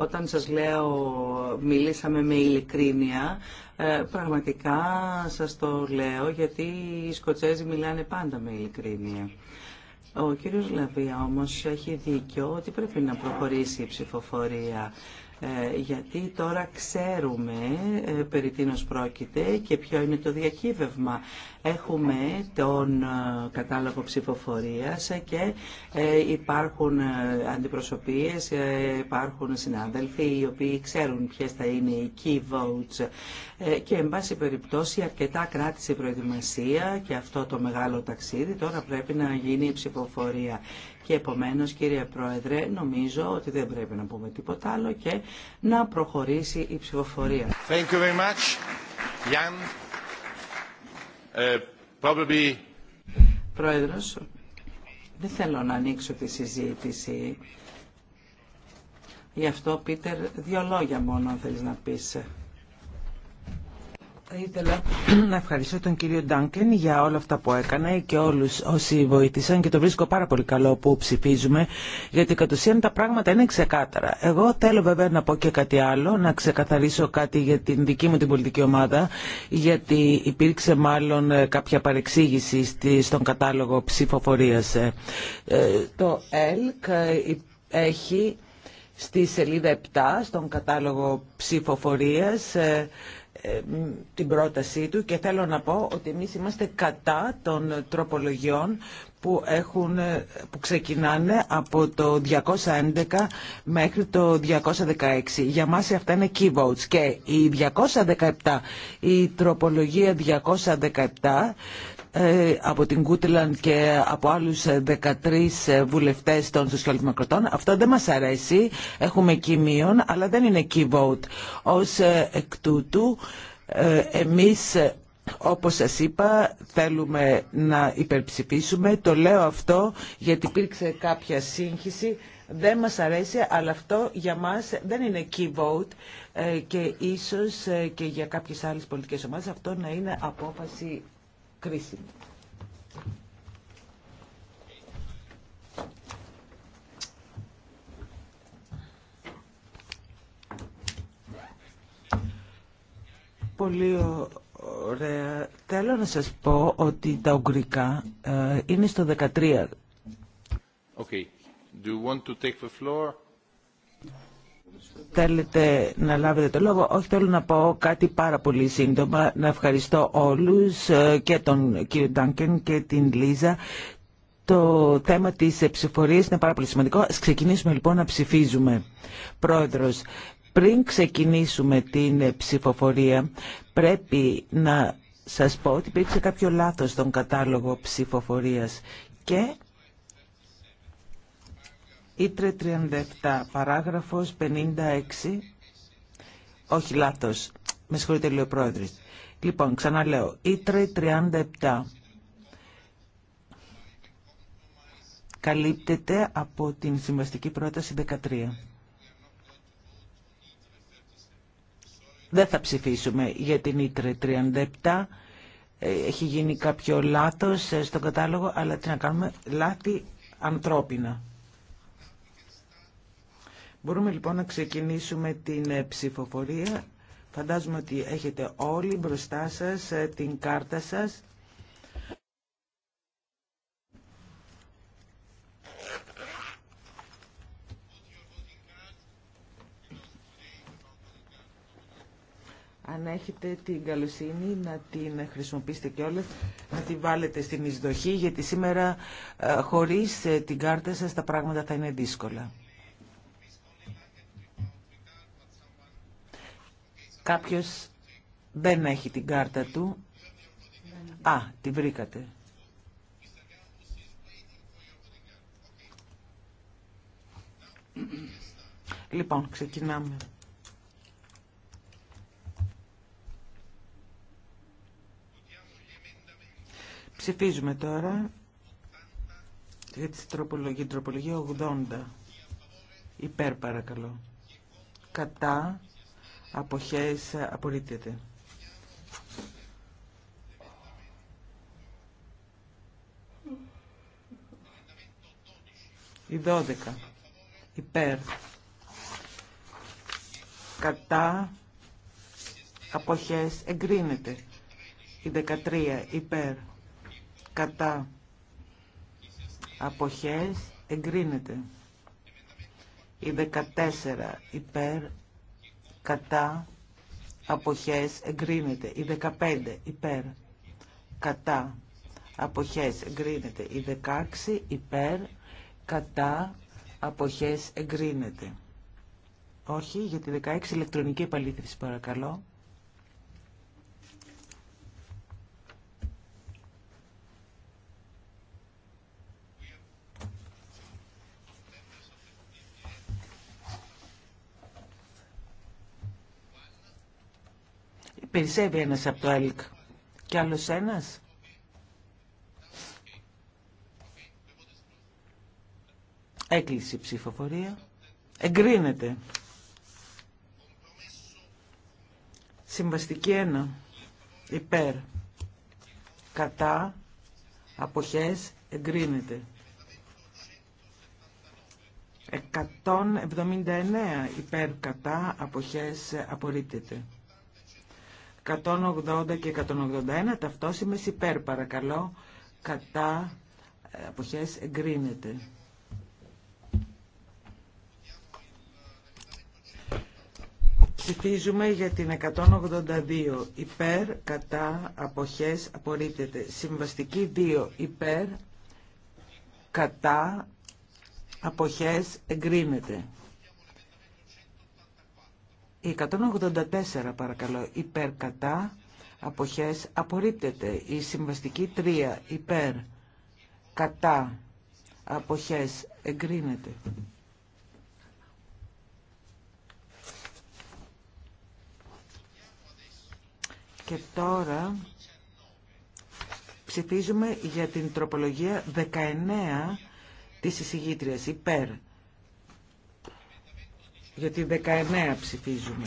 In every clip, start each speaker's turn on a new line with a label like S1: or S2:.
S1: Όταν σας λέω μιλήσαμε με ειλικρίνεια, ε, πραγματικά σας το λέω γιατί οι Σκοτσέζοι μιλάνε πάντα με ειλικρίνεια. Ο κύριος Λαβία όμως έχει δίκιο ότι πρέπει να προχωρήσει η ψηφοφορία. Ε, γιατί τώρα ξέρουμε ε, περί τίνος πρόκειται και ποιο είναι το διακύβευμα. Έχουμε τον ε, κατάλογο ψηφοφορίας και υπάρχουν αντιπροσωπείες, υπάρχουν συνάδελφοι οι οποίοι ξέρουν ποιες θα είναι οι key votes και εν πάση περιπτώσει αρκετά κράτησε η προετοιμασία και αυτό το μεγάλο ταξίδι τώρα πρέπει να γίνει η ψηφοφορία. Και επομένως κύριε Πρόεδρε νομίζω ότι δεν πρέπει να πούμε τίποτα άλλο και να προχωρήσει η ψηφοφορία. Thank you very much. Jan. Uh, Πρόεδρος, δεν θέλω να ανοίξω τη συζήτηση. Γι' αυτό, Πίτερ, δύο λόγια μόνο αν θέλεις να πεις.
S2: Θα ήθελα να ευχαριστώ τον κύριο Ντάνκεν για όλα αυτά που έκανε και όλους όσοι βοήθησαν και το βρίσκω πάρα πολύ καλό που ψηφίζουμε γιατί κατ' ουσίαν τα πράγματα είναι ξεκάθαρα. Εγώ θέλω βέβαια να πω και κάτι άλλο, να ξεκαθαρίσω κάτι για την δική μου την πολιτική ομάδα γιατί υπήρξε μάλλον ε, κάποια παρεξήγηση στον κατάλογο ψηφοφορίας. Ε, ε, το ΕΛΚ έχει στη σελίδα 7 στον κατάλογο ψηφοφορίας ε, την πρότασή του και θέλω να πω ότι εμείς είμαστε κατά των τροπολογιών που, έχουν, ε, που ξεκινάνε από το 211 μέχρι το 216. Για μας αυτά είναι key votes και η 217, η τροπολογία 217 ε, από την Κούτελαν και από άλλους 13 ε, ε, βουλευτές των σοσιαλδημοκρατών. Αυτό δεν μας αρέσει. Έχουμε κοιμίων, αλλά δεν είναι key vote. Ως εκ τούτου, εμείς όπως σας είπα θέλουμε να υπερψηφίσουμε. Το λέω αυτό γιατί υπήρξε κάποια σύγχυση. Δεν μας αρέσει, αλλά αυτό για μας δεν είναι key vote και ίσως και για κάποιες άλλες πολιτικές ομάδες αυτό να είναι απόφαση κρίσιμη. Πολύ ωραία. Θέλω να σας πω ότι τα ουγγρικά ε, είναι στο 13.
S1: Okay. Do you want to take the floor?
S2: θέλετε να λάβετε το λόγο. Όχι, θέλω να πω κάτι πάρα πολύ σύντομα. Να ευχαριστώ όλους ε, και τον κύριο Ντάνκεν και την Λίζα. Το θέμα της ψηφορίας είναι πάρα πολύ σημαντικό. Ας ξεκινήσουμε λοιπόν να ψηφίζουμε. Πρόεδρος, πριν ξεκινήσουμε την ψηφοφορία πρέπει να σας πω ότι υπήρξε κάποιο λάθος στον κατάλογο ψηφοφορίας και Ήτρε 37, παράγραφος 56. Όχι, λάθος. Με συγχωρείτε, λέει ο πρόεδρος. Λοιπόν, ξαναλέω. Ήτρε 37. Καλύπτεται από την συμβαστική πρόταση 13. Δεν θα ψηφίσουμε για την Ήτρε 37 ε, έχει γίνει κάποιο λάθος ε, στον κατάλογο, αλλά τι να κάνουμε, λάθη ανθρώπινα. Μπορούμε λοιπόν να ξεκινήσουμε την ε, ψηφοφορία. Φαντάζομαι ότι έχετε όλοι μπροστά σας ε, την κάρτα σας. αν έχετε την καλοσύνη να την χρησιμοποιήσετε και όλες, να την βάλετε στην εισδοχή, γιατί σήμερα ε, χωρίς την κάρτα σας τα πράγματα θα είναι δύσκολα. Κάποιος δεν έχει την κάρτα του. Α, τη βρήκατε. Λοιπόν, ξεκινάμε. Ψηφίζουμε τώρα για τη τροπολογία, τροπολογία 80. Υπέρ παρακαλώ. Κατά αποχές απορρίπτεται. Η 12 υπέρ κατά αποχές εγκρίνεται. Η 13 υπέρ κατά αποχές εγκρίνεται. Η 14 υπέρ κατά αποχές εγκρίνεται η 15 υπέρ κατά αποχές εγκρίνεται η 16 υπέρ κατά αποχές εγκρίνεται όχι για τη 16 ηλεκτρονική επαλήθευση παρακαλώ Περισσεύει ένας από το ΕΛΚ. Κι άλλος ένας. Έκλεισε η ψηφοφορία. Εγκρίνεται. Συμβαστική ένα Υπέρ. Κατά. Αποχές. Εγκρίνεται. 179 υπέρ κατά αποχές απορρίπτεται. 180 και 181 ταυτόσημες υπέρ παρακαλώ κατά ε, αποχές εγκρίνεται. Ψηφίζουμε για την 182 υπέρ κατά αποχές απορρίπτεται. Συμβαστική 2 υπέρ κατά αποχές εγκρίνεται. Η 184 παρακαλώ υπέρ κατά αποχές απορρίπτεται. Η συμβαστική 3 υπέρ κατά αποχές εγκρίνεται. Και τώρα ψηφίζουμε για την τροπολογία 19 της εισηγήτριας υπέρ γιατί 19 ψηφίζουμε.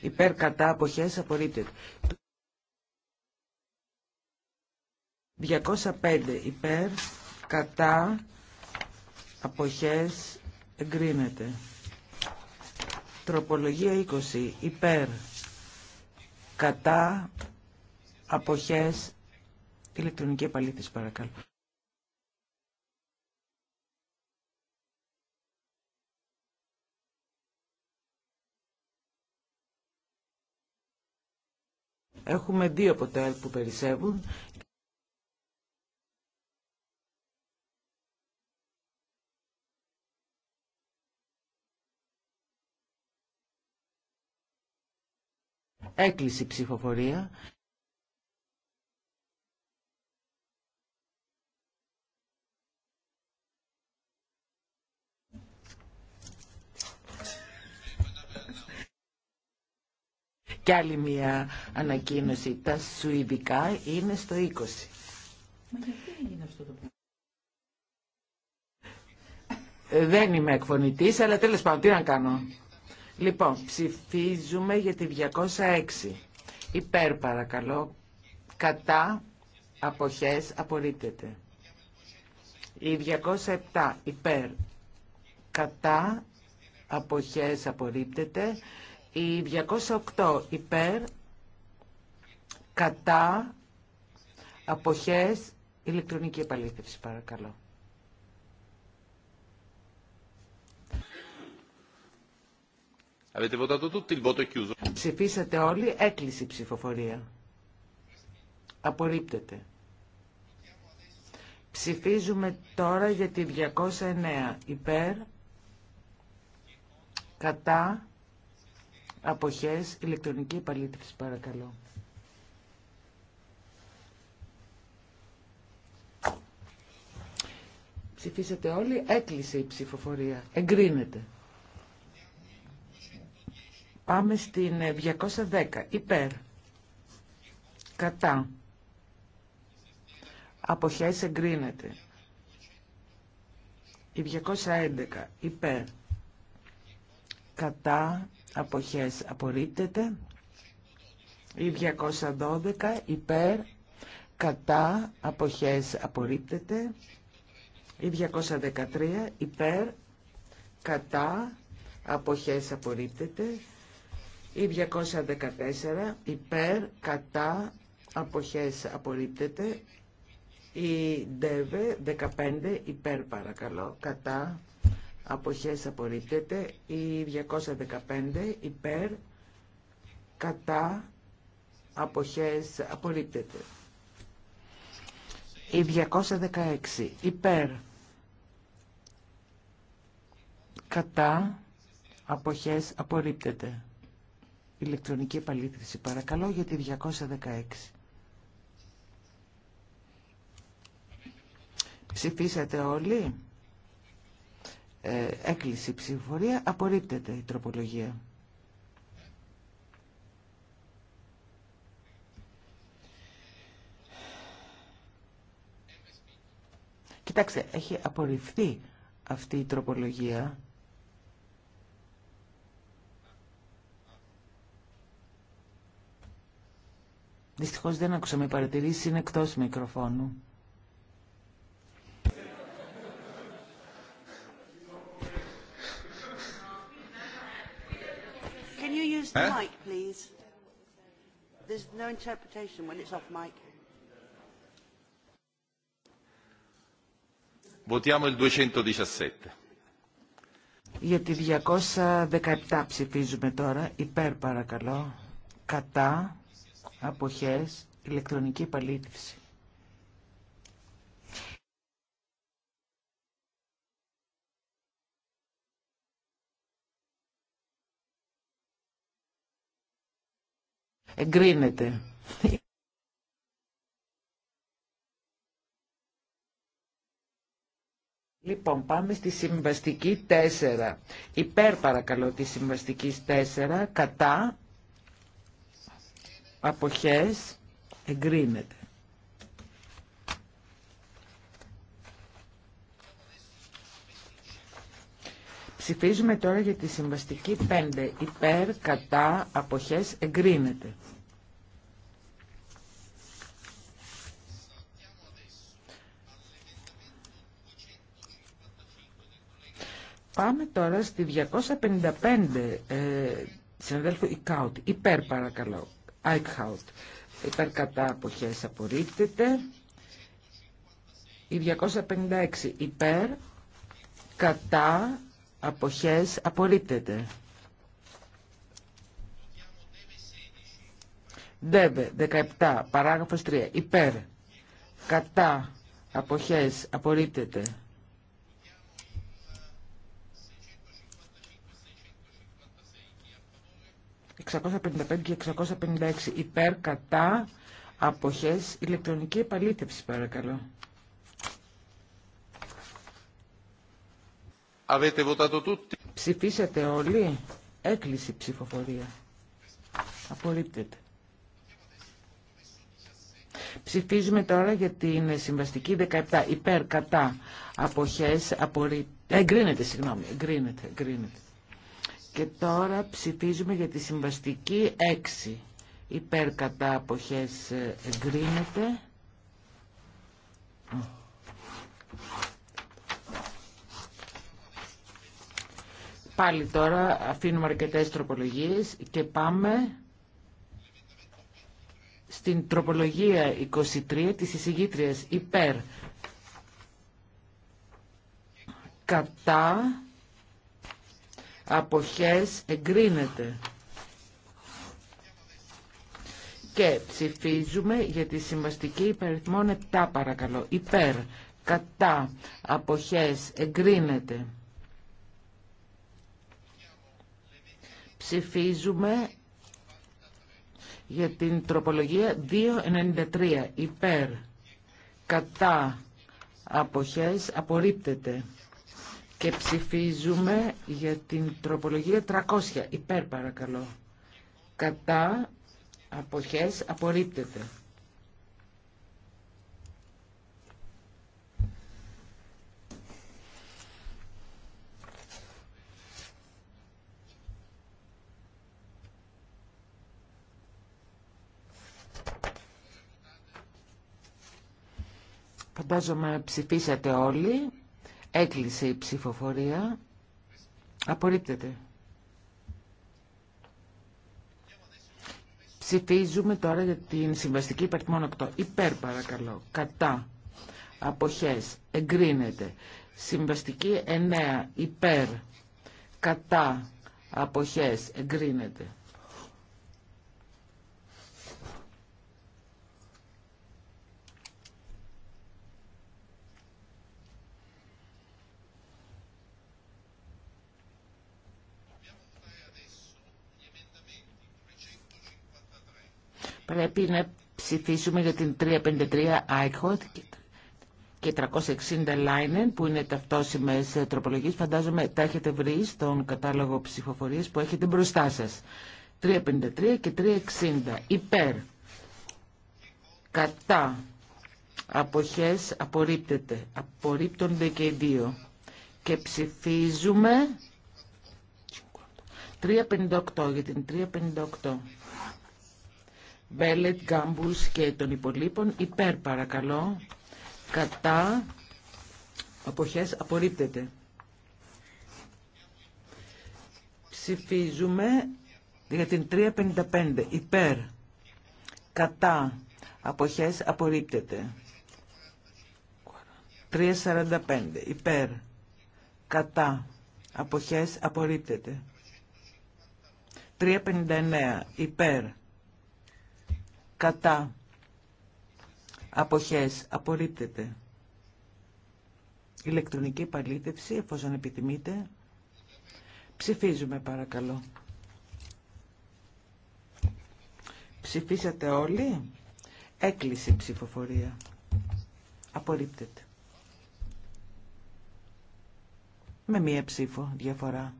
S2: υπέρ κατά αποχές απορρίπτεται. 205 υπέρ κατά αποχές εγκρίνεται. Τροπολογία 20 υπέρ κατά αποχές ηλεκτρονική επαλήθηση παρακαλώ. Έχουμε δύο από που περισσεύουν. Έκλεισε η ψηφοφορία. Και άλλη μια ανακοίνωση. Τα σουηδικά είναι στο 20. Δεν είμαι εκφωνητής, αλλά τέλος πάντων, τι να κάνω. Λοιπόν, ψηφίζουμε για τη 206. Υπέρ παρακαλώ. Κατά αποχές απορρίπτεται. Η 207 υπέρ. Κατά αποχές απορρίπτεται. Η 208 υπέρ, κατά, αποχές, ηλεκτρονική επαλήθευση παρακαλώ. Ψηφίσατε όλοι, έκλεισε η ψηφοφορία. Απορρίπτεται. Ψηφίζουμε τώρα για τη 209 υπέρ, κατά, Αποχές, ηλεκτρονική επαλήθευση παρακαλώ. Ψηφίσατε όλοι, έκλεισε η ψηφοφορία, εγκρίνεται. Πάμε στην 210, ε, υπέρ, κατά, αποχές εγκρίνεται. Η 211, υπέρ, κατά, αποχές απορρίπτεται. Η 212 υπέρ κατά αποχές απορρίπτεται. Η 213 υπέρ κατά αποχές απορρίπτεται. Η 214 υπέρ κατά αποχές απορρίπτεται. Η ΔΕΒΕ 15 υπέρ παρακαλώ κατά αποχές απορρίπτεται, η 215 υπέρ, κατά, αποχές απορρίπτεται. Η 216 υπέρ, κατά, αποχές απορρίπτεται. Ηλεκτρονική επαλήθρηση παρακαλώ για τη 216. Ψηφίσατε όλοι ε, έκλεισε η ψηφοφορία, απορρίπτεται η τροπολογία. Κοιτάξτε, έχει απορριφθεί αυτή η τροπολογία. Δυστυχώς δεν άκουσα με παρατηρήσει είναι εκτός μικροφώνου. Use the mic, please. There's no interpretation when it's off mic.
S1: Votiamo il 217.
S2: Για τη 217 ψηφίζουμε τώρα. Υπέρ παρακαλώ. Κατά. Αποχές. Ηλεκτρονική παλήτηση. Εγκρίνεται. Λοιπόν, πάμε στη συμβαστική 4. Υπέρ παρακαλώ τη συμβαστική 4, κατά, αποχές, εγκρίνεται. Ψηφίζουμε τώρα για τη συμβαστική 5. Υπέρ, κατά, αποχές, εγκρίνεται. Πάμε τώρα στη 255 ε, συναδέλφου Ικάουτ. Υπέρ παρακαλώ. Αϊκχάουτ. Υπέρ κατά αποχές απορρίπτεται. Η 256 υπέρ κατά αποχές απορρίπτεται. ΔΕΒΕ 17 παράγραφος 3 υπέρ κατά αποχές απορρίπτεται. 655 και 656 υπέρ κατά αποχές ηλεκτρονική επαλήθευση παρακαλώ. Avete Ψηφίσατε όλοι. Έκλεισε η ψηφοφορία. Απορρίπτεται. Ψηφίζουμε τώρα για την συμβαστική 17. Υπέρ, κατά, αποχές, απορρίπτεται. Εγκρίνεται, συγγνώμη. Εγκρίνεται, εγκρίνεται. Και τώρα ψηφίζουμε για τη συμβαστική 6. Υπέρ, κατά, αποχές, ε, εγκρίνεται. Πάλι τώρα αφήνουμε αρκετές τροπολογίες και πάμε στην τροπολογία 23 της εισηγήτριας υπέρ κατά αποχές εγκρίνεται. Και ψηφίζουμε για τη συμβαστική υπεριθμόν 7 παρακαλώ. Υπέρ, κατά, αποχές, εγκρίνεται. Ψηφίζουμε για την τροπολογία 293 υπέρ κατά αποχές απορρίπτεται και ψηφίζουμε για την τροπολογία 300 υπέρ παρακαλώ κατά αποχές απορρίπτεται Φαντάζομαι ψηφίσατε όλοι. Έκλεισε η ψηφοφορία. Απορρίπτεται. Ψηφίζουμε τώρα για την συμβαστική υπαρτιμόν 8. Υπέρ παρακαλώ. Κατά. Αποχές. Εγκρίνεται. Συμβαστική 9. Υπέρ. Κατά. Αποχές. Εγκρίνεται. πρέπει να ψηφίσουμε για την 353 και 360 Linen που είναι ταυτόσιμες τροπολογίες. Φαντάζομαι τα έχετε βρει στον κατάλογο ψηφοφορίες που έχετε μπροστά σας. 353 και 360 υπέρ κατά αποχές απορρίπτεται. Απορρίπτονται και οι δύο. Και ψηφίζουμε 358 για την 358. Μπέλετ, Γκάμπουλς και των υπολείπων. Υπέρ παρακαλώ. Κατά. Αποχές απορρίπτεται. Ψηφίζουμε για την 355. Υπέρ. Κατά. Αποχές απορρίπτεται. 345. Υπέρ. Κατά. Αποχές απορρίπτεται. 359. Υπέρ κατά αποχές απορρίπτεται ηλεκτρονική παλίτευση, εφόσον επιθυμείτε. ψηφίζουμε παρακαλώ ψηφίσατε όλοι έκλεισε η ψηφοφορία απορρίπτεται με μία ψήφο διαφορά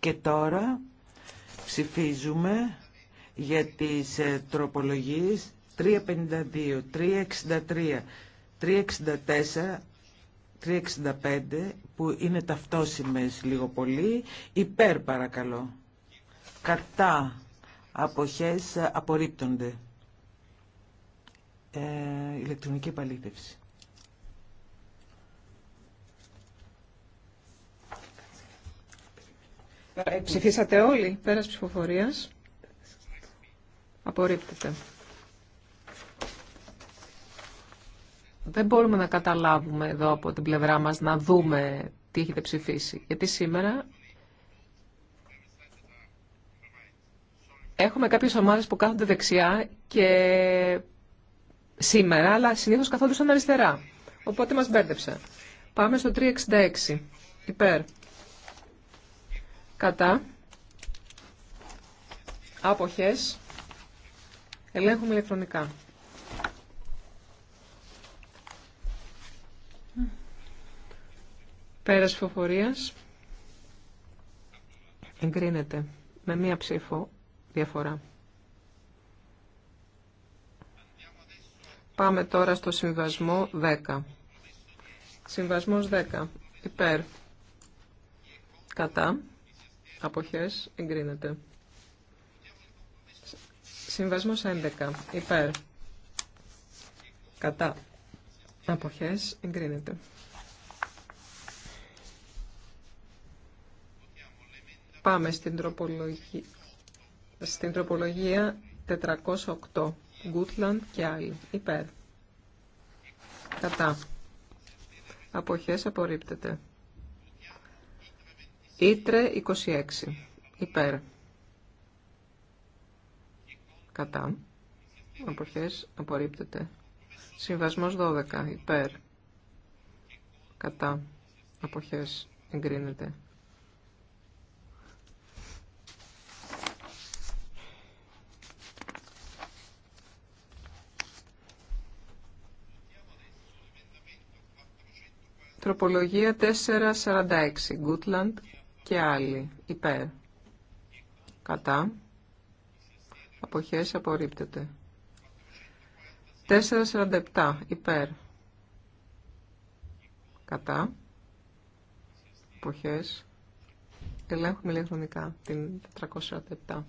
S2: και τώρα Ψηφίζουμε για τις ε, τροπολογίες 352, 363, 364, 365 που είναι ταυτόσιμες λίγο πολύ. Υπέρ παρακαλώ. Κατά αποχές απορρίπτονται. Ε, ηλεκτρονική επαλήθευση.
S3: Ε, ψηφίσατε όλοι πέρας ψηφοφορίας. Απορρίπτεται. Δεν μπορούμε να καταλάβουμε εδώ από την πλευρά μας να δούμε τι έχετε ψηφίσει. Γιατί σήμερα έχουμε κάποιες ομάδες που κάθονται δεξιά και σήμερα, αλλά συνήθως καθόντουσαν αριστερά. Οπότε μας μπέρδεψε. Πάμε στο 366. Υπέρ κατά, άποχες, ελέγχουμε ηλεκτρονικά. Πέρας φοφορίας εγκρίνεται με μία ψήφο διαφορά. Πάμε τώρα στο συμβασμό 10. Συμβασμός 10. Υπέρ. Κατά αποχές εγκρίνεται. Συμβασμός 11 υπέρ κατά αποχές εγκρίνεται. Πάμε στην τροπολογία, στην τροπολογία 408, Γκούτλαντ και άλλοι, υπέρ. Κατά. Αποχές απορρίπτεται. Ήτρε 26. Υπέρ. Κατά. Αποχές απορρίπτεται. Συμβασμός 12. Υπέρ. Κατά. Αποχές εγκρίνεται. Τροπολογία 446. Γκούτλαντ και άλλοι υπέρ. Κατά. Αποχές απορρίπτεται. 4.47 υπέρ. Κατά. Αποχές. Ελέγχουμε ηλεκτρονικά την 447.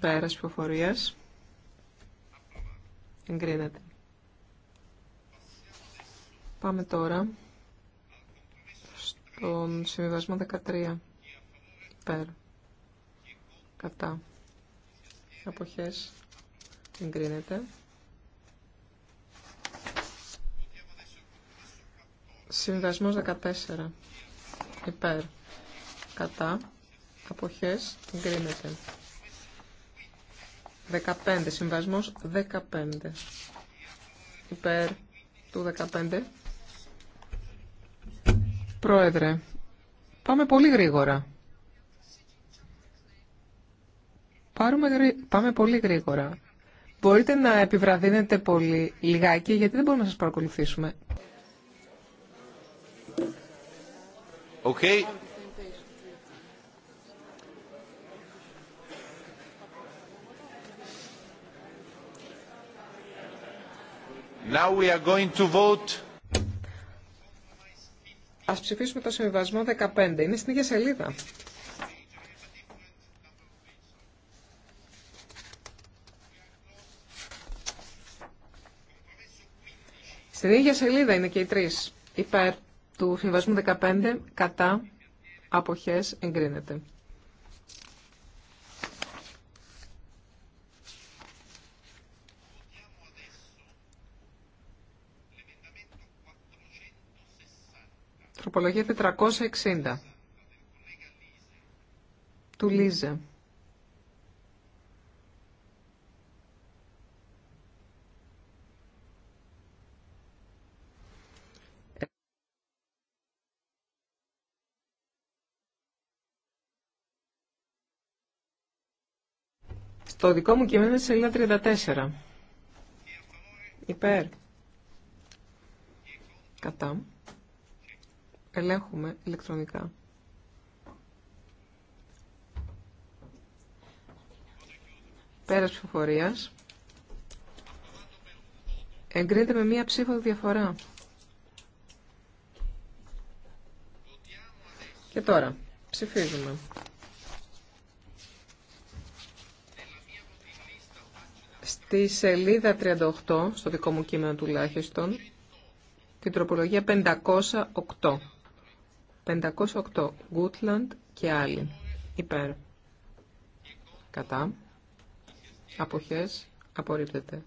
S3: Πέρας πληροφορίας. Εγκρίνεται. Πάμε τώρα στον συμβιβασμό 13. υπέρ, Κατά. Αποχές. Εγκρίνεται. Συμβιβασμός 14. Υπέρ. Κατά. Αποχές. Εγκρίνεται. 15. Συμβασμός 15. Υπέρ του 15 Πρόεδρε. Πάμε πολύ γρήγορα. Πάρουμε, πάμε πολύ γρήγορα. Μπορείτε να επιβραδύνετε πολύ λιγάκι, γιατί δεν μπορούμε να σας παρακολουθήσουμε.
S1: Okay. Now we are going to vote.
S3: Ας ψηφίσουμε το συμβιβασμό 15. Είναι στην ίδια σελίδα. Στην ίδια σελίδα είναι και οι τρεις. Υπέρ του συμβιβασμού 15, κατά, αποχές, εγκρίνεται. Τροπολογία 460 του Λίζε. Στο δικό μου κείμενο είναι σελίδα 34. Υπέρ. Κατά. Ελέγχουμε ηλεκτρονικά. Πέρας ψηφοφορίας. Εγκρίνεται με μία ψήφο διαφορά. Και τώρα ψηφίζουμε. Στη σελίδα 38, στο δικό μου κείμενο τουλάχιστον, την τροπολογία 508. 508. Γκούτλαντ και άλλοι. Υπέρ. Κατά. Αποχές. Απορρίπτεται.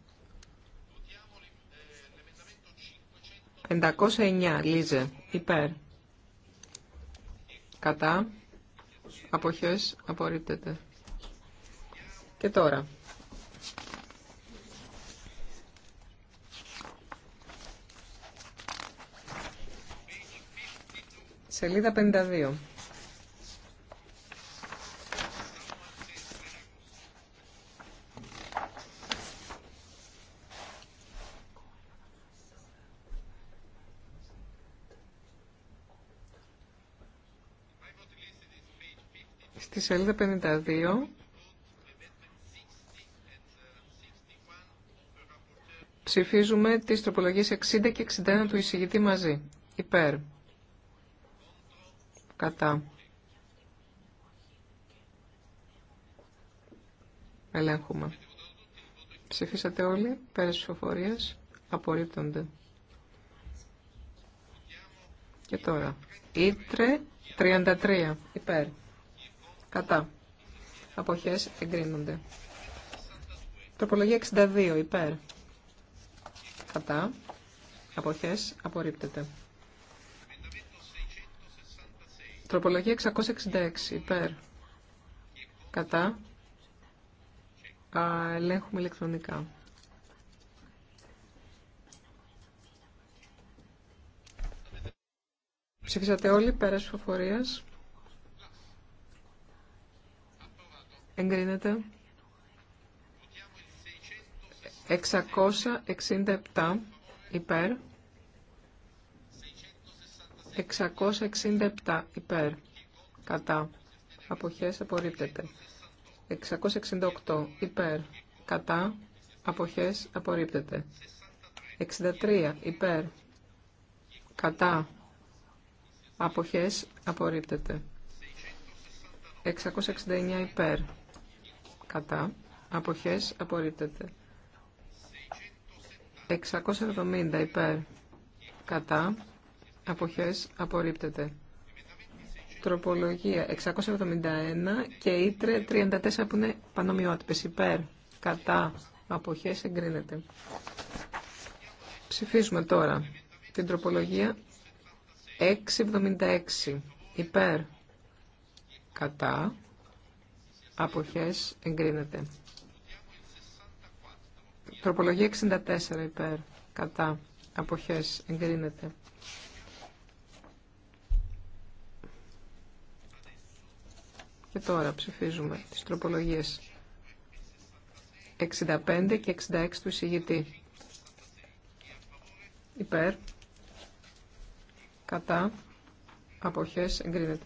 S3: 509. Λίζε. Υπέρ. Κατά. Αποχές. Απορρίπτεται. Και τώρα. Σελίδα 52. Στη σελίδα 52 ψηφίζουμε τις τροπολογίες 60 και 61 του εισηγητή μαζί. Υπέρ. Κατά. Ελέγχουμε. Ψηφίσατε όλοι. Πέρας ψηφοφορίας. Απορρίπτονται. Και τώρα. Ήτρε 33. Υπέρ. Κατά. Αποχές εγκρίνονται. Τροπολογία 62. Υπέρ. Κατά. Αποχές απορρίπτεται. Τροπολογία 666 υπέρ. Κατά. Α, ελέγχουμε ηλεκτρονικά. Ψηφίσατε όλοι πέρα φοφορίας. Εγκρίνεται. 667 υπέρ. 667 υπέρ. Κατά. Αποχές απορρίπτεται. 668 υπέρ. Κατά. Αποχές απορρίπτεται. 63 υπέρ. Κατά. Αποχές απορρίπτεται. 669 υπέρ. Κατά. Αποχές απορρίπτεται. 670 υπέρ. Κατά αποχές απορρίπτεται. Τροπολογία 671 και ήτρε 34 που είναι πανομοιότυπες υπέρ, κατά, αποχές εγκρίνεται. Ψηφίζουμε τώρα την τροπολογία 676 υπέρ, κατά, αποχές εγκρίνεται. Τροπολογία 64 υπέρ, κατά, αποχές εγκρίνεται. Και τώρα ψηφίζουμε τις τροπολογίες 65 και 66 του εισηγητή. Υπέρ. Κατά. Αποχές εγκρίνεται.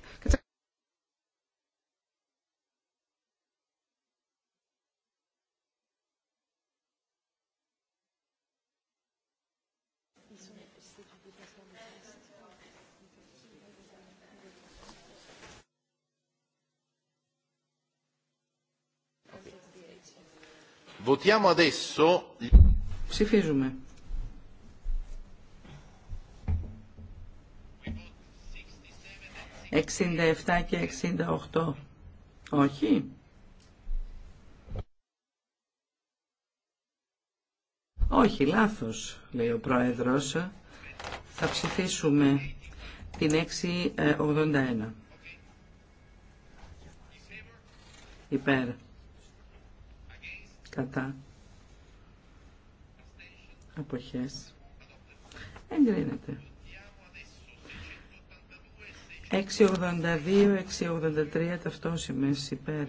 S1: Votiamo adesso... Ψηφίζουμε. Εξήντα και εξήντα οχτώ. Όχι. Όχι, λάθος, λέει ο Πρόεδρος. Θα ψηφίσουμε την 681. Υπέρ κατά αποχές εγκρίνεται 682-683 ταυτόσημες υπέρ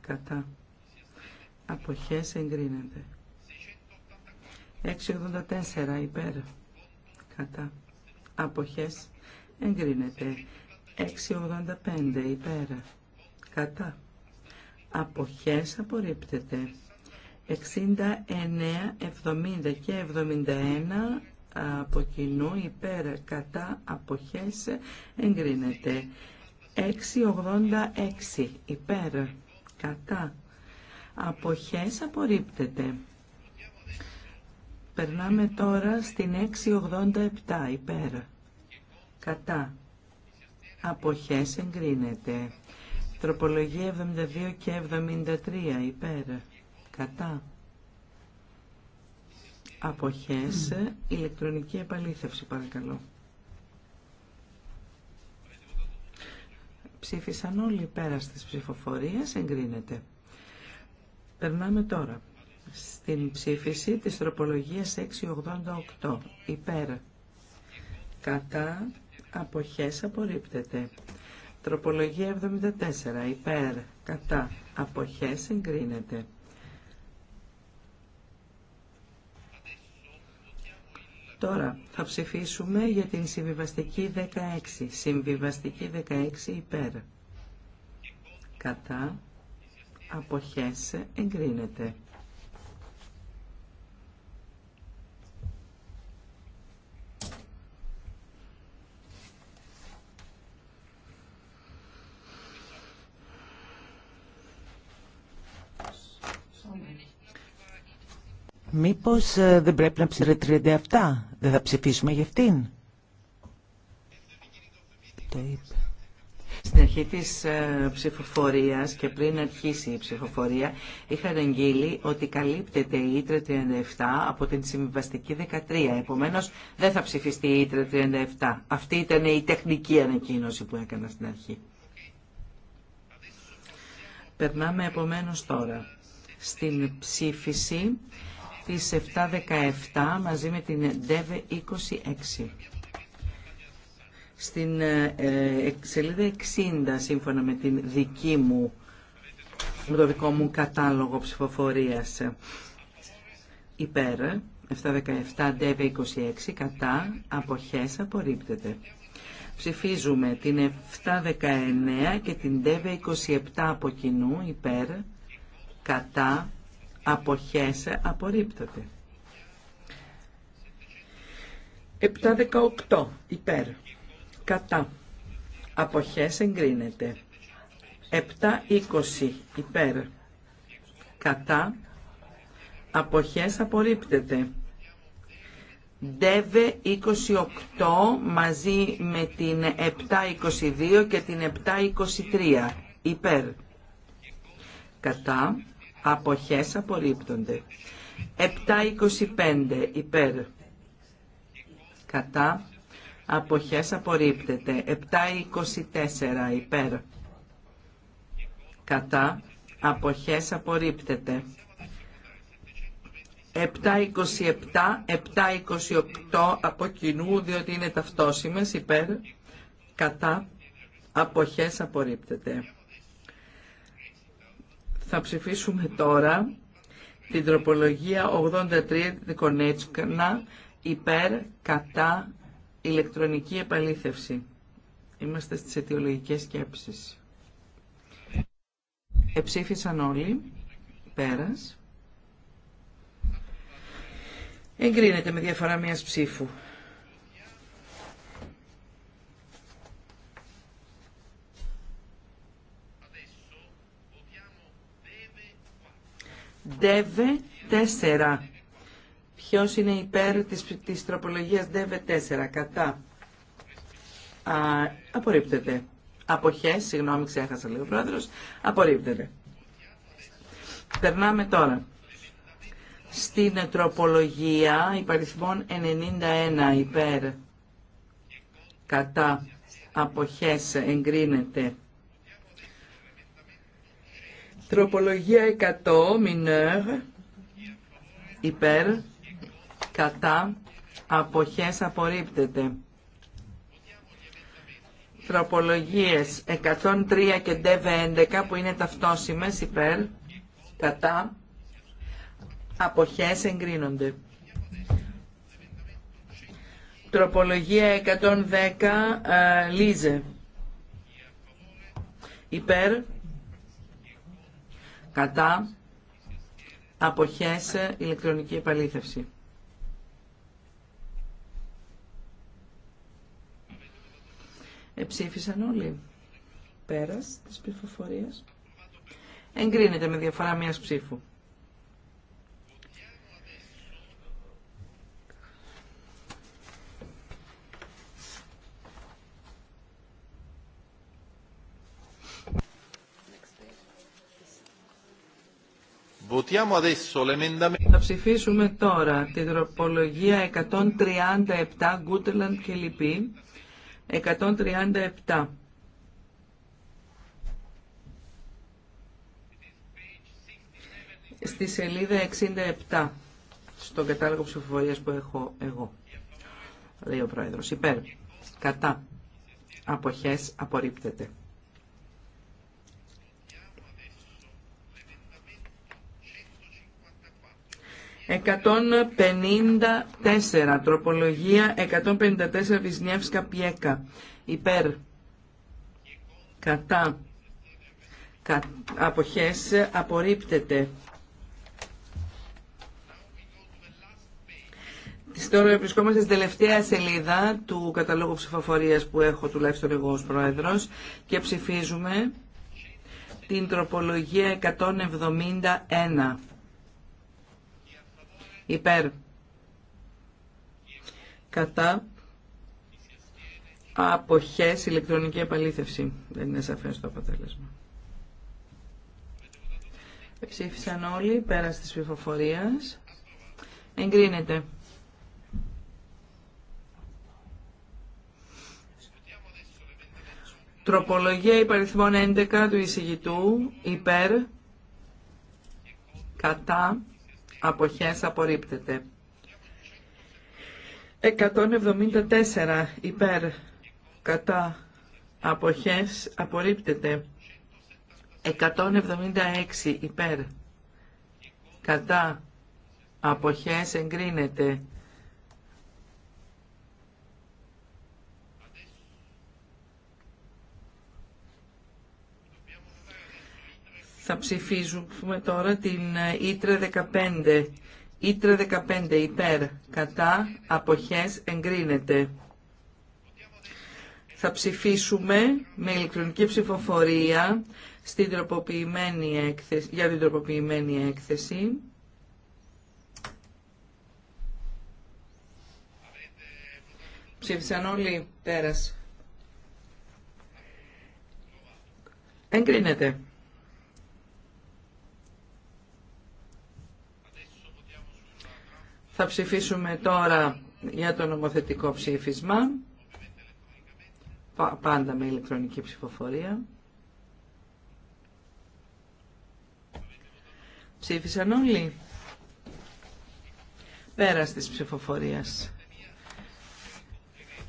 S1: κατά αποχές εγκρίνεται 684 υπέρ κατά αποχές εγκρίνεται 685 υπέρ κατά αποχές απορρίπτεται 69, 70 και 71 από κοινού υπέρ κατά αποχές εγκρίνεται. 686 υπέρ κατά αποχές απορρίπτεται. Περνάμε τώρα στην 687 υπέρ κατά αποχές εγκρίνεται. Τροπολογία 72 και 73 υπέρ κατά αποχές ηλεκτρονική επαλήθευση παρακαλώ. Ψήφισαν όλοι πέρα στις ψηφοφορίες, εγκρίνεται. Περνάμε τώρα στην ψήφιση της τροπολογίας 688 υπέρ κατά αποχές απορρίπτεται. Τροπολογία 74 υπέρ κατά αποχές εγκρίνεται. Τώρα θα ψηφίσουμε για την συμβιβαστική 16. Συμβιβαστική 16 υπέρ. Κατά αποχές εγκρίνεται.
S2: Μήπως ε, δεν πρέπει να ψηφίσουμε 37. Δεν θα ψηφίσουμε για αυτήν.
S1: Το είπε. Στην αρχή της ε, ψηφοφορίας και πριν αρχίσει η ψηφοφορία είχα εγγύλει ότι καλύπτεται η Ήτρε 37 από την συμβιβαστική 13. Επομένως δεν θα ψηφιστεί η Ήτρε 37. Αυτή ήταν η τεχνική ανακοίνωση που έκανα στην αρχή. Περνάμε επομένως τώρα στην ψήφιση στις 7.17 μαζί με την ΔΕΒΕ 26. Στην ε, ε, σελίδα 60, σύμφωνα με την δική μου, με το δικό μου κατάλογο ψηφοφορίας, υπέρ, 717, ΔΕΒΕ 26, κατά, αποχές, απορρίπτεται. Ψηφίζουμε την 719 και την ΔΕΒΕ 27 από κοινού, υπέρ, κατά, αποχέσε απορρίπτεται. 718 υπέρ κατά αποχές εγκρίνεται. 720 υπέρ κατά αποχές απορρίπτεται. ΔΕΒΕ 28 μαζί με την 722 και την 723 υπέρ κατά αποχές απορρίπτονται. 7.25 υπέρ κατά αποχές απορρίπτεται. 7.24 υπέρ κατά αποχές απορρίπτεται. 7.27, 7.28 από κοινού, διότι είναι ταυτόσιμες, υπέρ, κατά, αποχές απορρίπτεται. Θα ψηφίσουμε τώρα την τροπολογία 83 Κονέτσκνα υπέρ κατά ηλεκτρονική επαλήθευση. Είμαστε στις αιτιολογικές σκέψεις. Εψήφισαν όλοι. Πέρας. Εγκρίνεται με διαφορά μιας ψήφου. ΔΕΒΕ 4. Ποιος είναι υπέρ της, της τροπολογίας ΔΕΒΕ 4. Κατά. Α, απορρίπτεται. Αποχές, συγγνώμη ξέχασα λίγο πρόεδρος. Απορρίπτεται. Περνάμε τώρα στην τροπολογία υπαριθμών 91 υπέρ κατά αποχές εγκρίνεται Τροπολογία 100, μινέρ, υπέρ, κατά, αποχές απορρίπτεται. Τροπολογίες 103 και DV11 που είναι ταυτόσιμες υπέρ, κατά, αποχές εγκρίνονται. Τροπολογία 110, ε, Λίζε. Υπέρ, κατά αποχές ηλεκτρονική επαλήθευση. Εψήφισαν όλοι. Πέρας της ψηφοφορίας. Εγκρίνεται με διαφορά μιας ψήφου. Θα ψηφίσουμε τώρα την τροπολογία 137 Γκούτελαντ και λοιπή. 137. Στη σελίδα 67 στον κατάλογο ψηφοφορία που έχω εγώ. Λέει ο Πρόεδρος. Υπέρ. Κατά. Αποχές απορρίπτεται. 154, τροπολογία 154 Βυσνιεύσκα Πιέκα. Υπέρ. Κατά. Κα, αποχές απορρίπτεται. Τώρα βρισκόμαστε στην τελευταία σελίδα του καταλόγου ψηφοφορίας που έχω τουλάχιστον εγώ ως πρόεδρος και ψηφίζουμε την τροπολογία 171 υπέρ κατά αποχές ηλεκτρονική επαλήθευση. Δεν είναι σαφές το αποτέλεσμα. Ψήφισαν όλοι πέρα της ψηφοφορίας. Εγκρίνεται. Τροπολογία υπαριθμών 11 του εισηγητού υπέρ κατά αποχές απορρίπτεται. 174 υπέρ κατά αποχές απορρίπτεται. 176 υπέρ κατά αποχές εγκρίνεται.
S3: Θα ψηφίζουμε
S1: τώρα την ε, Ήτρε 15. Ήτρε 15 υπέρ, κατά, αποχές, εγκρίνεται. Θα ψηφίσουμε με ηλεκτρονική ψηφοφορία στην τροποποιημένη έκθεση, για την τροποποιημένη έκθεση. Ψήφισαν όλοι πέρας. Εγκρίνεται. Θα ψηφίσουμε τώρα για το νομοθετικό ψήφισμα. Πάντα με ηλεκτρονική ψηφοφορία. Ψήφισαν όλοι. Πέρας της ψηφοφορίας.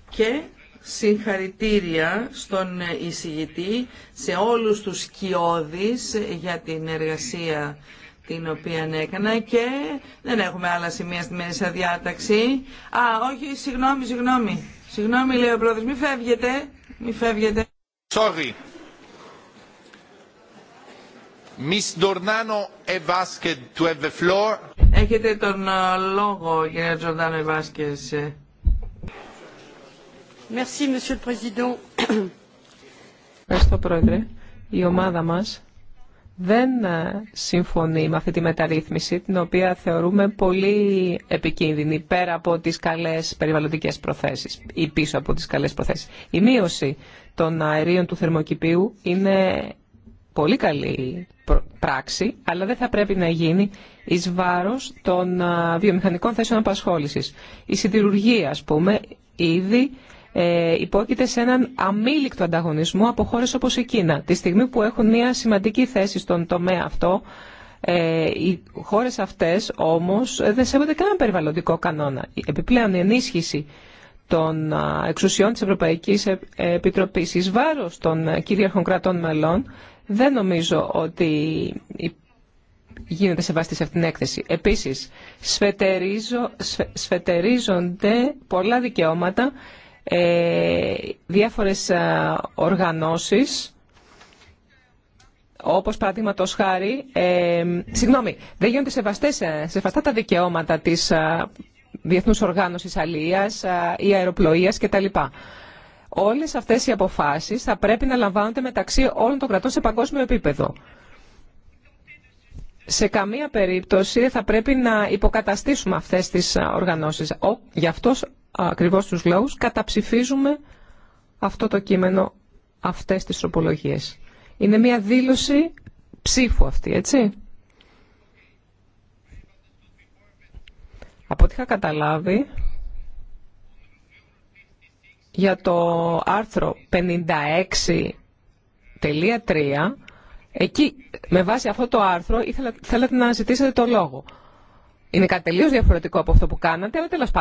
S1: Και συγχαρητήρια στον εισηγητή, σε όλους τους σκιώδεις για την εργασία την οποία έκανα και δεν έχουμε άλλα σημεία στη μέσα διάταξη. Α, όχι, συγγνώμη, συγγνώμη. Συγγνώμη, λέει ο πρόεδρος, μη φεύγετε, μη φεύγετε. Sorry. Miss Dornano to have the floor. Έχετε τον ε, λόγο, κύριε Τζορδάνο Εβάσκες. Merci,
S3: Monsieur le Président. Ευχαριστώ, Πρόεδρε. Η ομάδα μας δεν ε, συμφωνεί με αυτή τη μεταρρύθμιση, την οποία θεωρούμε πολύ επικίνδυνη, πέρα από τις καλές περιβαλλοντικές προθέσεις ή πίσω από τις καλές προθέσεις. Η μείωση των αερίων του θερμοκηπίου είναι πολύ καλή πράξη, αλλά δεν θα πρέπει να γίνει εις βάρος των ε, βιομηχανικών θέσεων απασχόλησης. Η συντηρουργία, ας πούμε, ήδη ε, υπόκειται σε έναν αμήλικτο ανταγωνισμό από χώρε όπω η Κίνα. Τη στιγμή που έχουν μια σημαντική θέση στον τομέα αυτό, ε, οι χώρες αυτές όμως δεν σέβονται κανέναν περιβαλλοντικό κανόνα. Επιπλέον η ενίσχυση των εξουσιών της Ευρωπαϊκής Επιτροπής εις βάρος των κυρίαρχων κρατών μελών δεν νομίζω ότι γίνεται σεβαστή σε αυτήν την έκθεση. Επίσης, σφετερίζονται πολλά δικαιώματα ε, διάφορες οργανώσεις όπως παραδείγματο χάρη, ε, συγγνώμη, δεν γίνονται σεβαστές, ε, σεβαστά τα δικαιώματα της α, Διεθνούς Οργάνωσης Αλίας ή Αεροπλοείας κτλ. Όλες αυτές οι αποφάσεις θα πρέπει να λαμβάνονται μεταξύ όλων των κρατών σε παγκόσμιο επίπεδο. Σε καμία περίπτωση θα πρέπει να υποκαταστήσουμε αυτές τις οργανώσεις. γι' ακριβώς τους λόγους, καταψηφίζουμε αυτό το κείμενο, αυτές τις τροπολογίες. Είναι μια δήλωση ψήφου αυτή, έτσι. Από ό,τι είχα καταλάβει, για το άρθρο 56.3, εκεί με βάση αυτό το άρθρο ήθελα, θέλατε να ζητήσετε το λόγο. Είναι κάτι τελείως διαφορετικό από αυτό που κάνατε, αλλά τέλος πάντων.